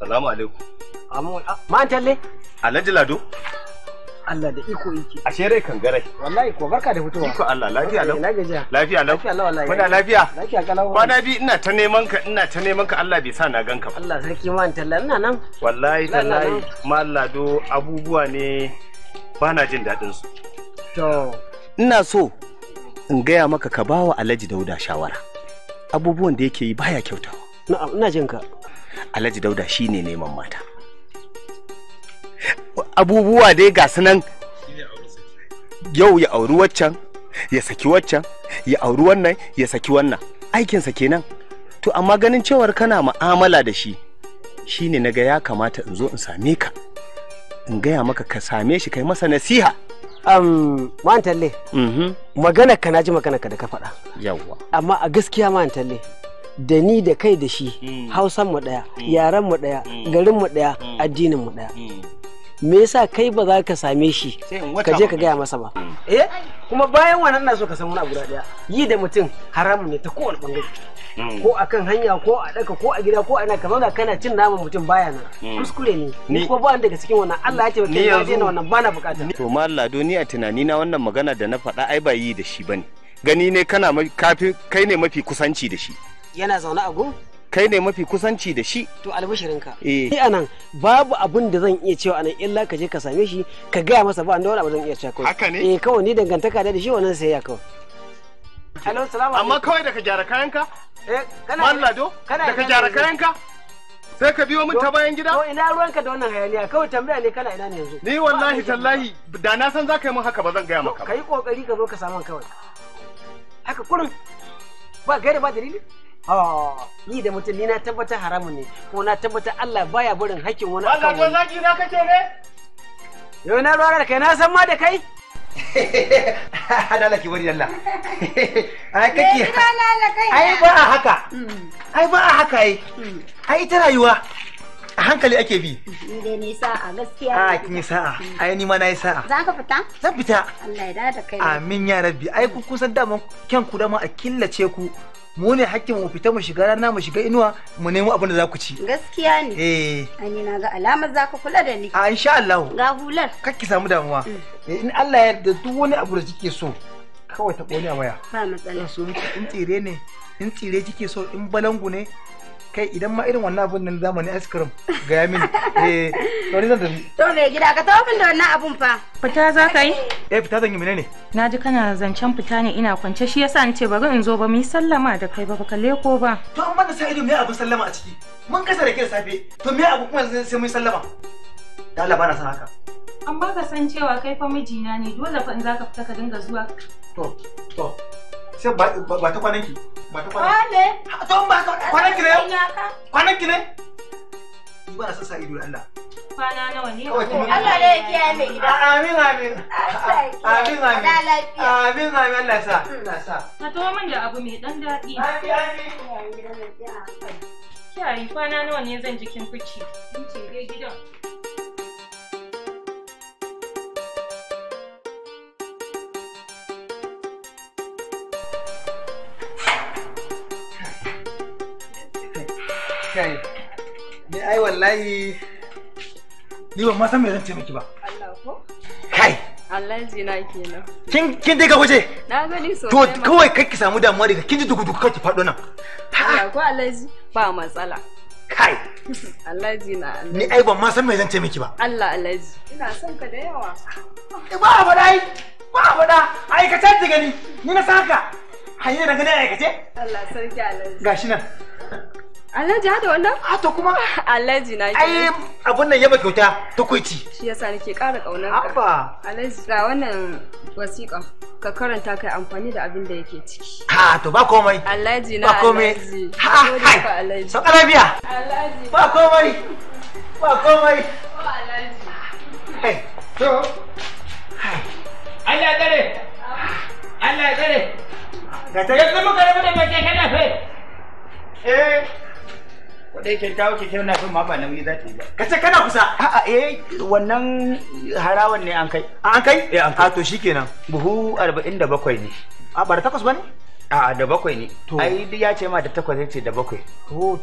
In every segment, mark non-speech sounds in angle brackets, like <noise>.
Salamu alaikum. Amin. Ah, ma talle? Alhaji Lado. Allah da iko yake. Ashe rai kan garai. Wallahi ko barka da fitowa. Iko Allah lafiya lau. Lafiya lau. Lafiya lau wallahi. Muna lafiya. Lafiya kalau. Kwana bi ina ta neman ka ina ta neman ka Allah bai sa na ganka ba. Allah sarki ma talla ina nan. Wallahi tallahi ma do abubuwa ne ba na jin daɗin su. To. Ina so in gaya maka ka bawa Alhaji Dauda shawara. Abubuwan da yake yi baya kyautawa. Na'am ina jin ka. alhaji dauda shine neman mata abubuwa dai ga su nan yau ya auri waccan ya saki waccan ya auri wannan ya saki wannan aikinsa kenan to amma ganin cewar kana ma'amala da shi shine naga ya kamata in zo in same ka in gaya maka ka same shi kai masa nasiha um man talle mhm. magana ka naji magana ka da ka faɗa yawwa amma a gaskiya man talle da ni da kai da shi mm. hausan mu daya mm. yaren mu daya mm. garin mu daya addinin mu daya me yasa kai ba za ka same shi ka je ka gaya masa ba eh kuma bayan wannan na so ka san wani abu daya yi da mutum haramu ne ta kowane bangare ko akan hanya ko a daka ko a gida ko a ina ka zauna kana cin naman mutum baya nan kuskure ne ni ko ba daga cikin wannan Allah ya taimake ni na wannan bana bukata to mallah doni a tunani na wannan magana da na faɗa ai ba yi da shi bane gani ne kana kai ne mafi kusanci da shi yana zaune a gun kai ne mafi kusanci da shi to albashirinka eh ni anan babu abin da zan iya cewa anan illa ka je ka same shi ka gaya masa ba wani abu zan iya cewa kawai haka ne eh kawai ni dangantaka da shi wannan sai ya kawai hello salamu alaikum amma kawai daga gyara kayanka eh kana mallado daga gyara kayanka sai ka biyo min ta bayan gida? To ina ruwanka da wannan hayaniya kawai tambaya ne kana ina ne yanzu. Ni wallahi tallahi da na san zaka yi min haka ba zan gaya maka. ba? Kai kokari ka zo ka samu kawai. Haka kurin ba gaira ba dalili? Oh, ni da mutum ni na tabbata haramun ne kuma na tabbata Allah baya barin hakkin wani akan Allah Wanda zaki na kace ne? Yau na ruwa da kai na san ma da kai. Hadala ki bari Allah. Ai kake. Mm. Ai ba a haka. Ai ba a haka ai. Ai ta rayuwa. a hankali ake bi. Ni ni sa'a gaskiya. Ah kin yi sa'a. Mm. Ai ni ma na yi sa'a. Za ka fita? Zan fita. Allah ya dada kai. Amin ya rabbi. Ai ku kusan daman kyan ku dama a killace ku mu ne hakkin mu fita mu shiga rana mu shiga inuwa mu nemo abin da za ku ci gaskiya ne eh ani na ga alama za ka kula da ni a insha Allah ga hular ki samu damuwa mm. eh, in Allah ya da duk wani abu da kike so kawai ta kone a waya ba matsala so in tsire ne in tsire kike so in balangu ne kai idan ma irin wannan abun nan zamani ice cream ga ya mini <laughs> eh to ni zan tafi to me gida ka tawo min da wannan abun fa fita za ka yi eh fita zan yi menene na ji kana zancen fita ne ina kwance shi yasa ni ce bari in zo ba mu yi sallama da kai ba kalle leko ba to amma da sa ido me abun sallama a ciki mun kasa da kai safe to me abu kuma sai mun sallama da Allah bana san haka an ka san cewa kai fa mijina ne dole fa in zaka fita ka dinga zuwa to to sai ba ta ki kwanan ki ne? ba na Allah. Kwana nawa ne? Allah ya kiyaye mai gida. Amin amin. Amin amin. Amin amin Allah sa. Hmm. Allah sa. Ka to min da abu mai dan daɗi. Amin amin. Kiyaye kwana nawa ne zan jikin fice? Ni ce gidan. kiyaye ni ai wallahi ni ba ma san me zan ce miki ba kai Allah zina kenan kin kin dai ka na gani to kawai kai ki samu damuwa daga kin ji duku duku kake faɗo nan ko Allah ba matsala kai Ni ai ma san me zan ce miki ba. Allah Ina son ka da yawa. Eh, ba a faɗa ai. Ba a Aikace ta gani. Ni na saka. Hanyar da gani aikace. Allah sarki Alhaji. Gashi nan. Alhaji hada wannan? to kuma. Alhaji na ji. Ai abun nan yaba kyauta tukuici. Shi yasa nake ƙara ƙaunar ka. Abba. Alhaji ga wannan wasiƙa ka karanta kai amfani da abin da yake ciki. Ha to ba komai. Alhaji na ba komai Ha ha. kana biya. Alhaji. Ba komai. Ba komai. Ba oh, Alhaji. Hey. To. Allah dare. Ah. Allah dare. Ga ta. Yanzu muka rabu da mace kana fa. Eh. wadai kyakkyawa kyakkyawa na son ma ba nauyi za ta yi ba ka ce kana kusa a'a eh wannan harawan ne an kai an kai eh an kai to shikenan buhu 47 ne a bara takwas bane a da bakwai ne ai duk ya ce ma da takwas ce da bakwai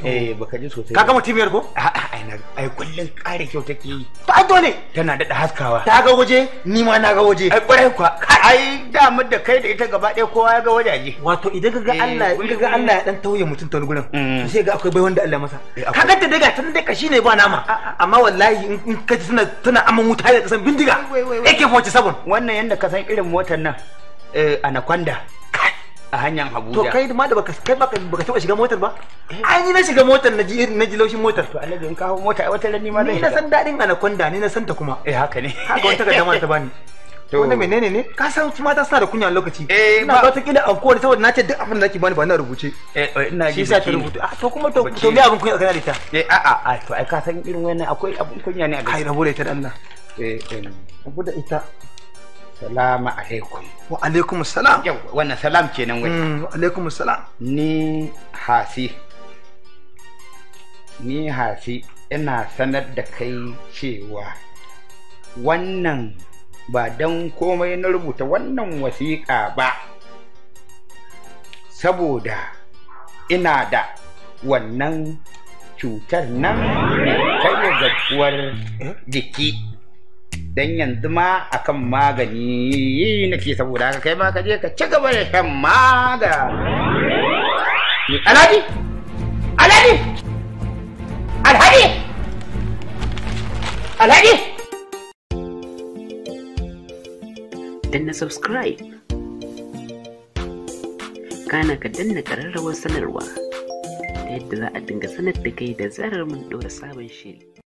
eh baka ji sosai kaga mutumiyar ko ai na ai kullun kare kyau take yi to ai dole tana da haskawa ta ga waje ni ma na ga waje ai kwarai kwa ai da mun da kai da ita gaba ɗaya kowa ya ga wajaje wato idan ka ga eh, Allah idan ga Allah ya dan tauye mutum ta gurin mm. sai ga akwai bai wanda Allah masa eh, kaga ta daga tun da kashi ne ba nama amma wallahi in ka ji tana tana aman wuta da kasan bindiga AK47 wannan yanda ka san irin motar nan eh anaconda a hanyar Abuja. To kai ma da baka kai baka baka taba shiga motar ba? Ai ni na shiga motar na ji na ji laushin motar. To Allah in hawo mota ai wata ranni ma dai. Ni na san dadin anaconda ni na san ta kuma. Eh haka ne. Haka wata gadama ta bani. <laughs> To wanda menene ne? Ka san ta suna da kunya lokaci. Eh, ina ba ta kida an kowane saboda na ce duk abin da nake bani ba na rubuce. Eh oh, ina ji. Shi sa ta rubuta. Ah to kuma to to me abin kunya kana da ita? Eh a a to ai ka san irin wannan akwai abin kunya ne a gaba. Kai rabu da ita da Allah. Eh eh. Abu da ita. Salamu alaikum. Wa alaikum salam. Yau wannan salam kenan wani mm, Wa alaikum salam. Ni hasi. Ni hasi ina sanar da kai cewa wannan ba don komai na rubuta wannan wasiƙa ba. Saboda ina da wannan cutar nan ta garkuwar jiki. dan yanzu ma akan magani nake saboda haka kai ma ka je ka ci gaba da shan magani alhaji alhaji alhaji alhaji danna subscribe kana ka danna ƙararrawar sanarwa ta yadda za a dinga sanar da kai da zarar mun ɗora sabon shiri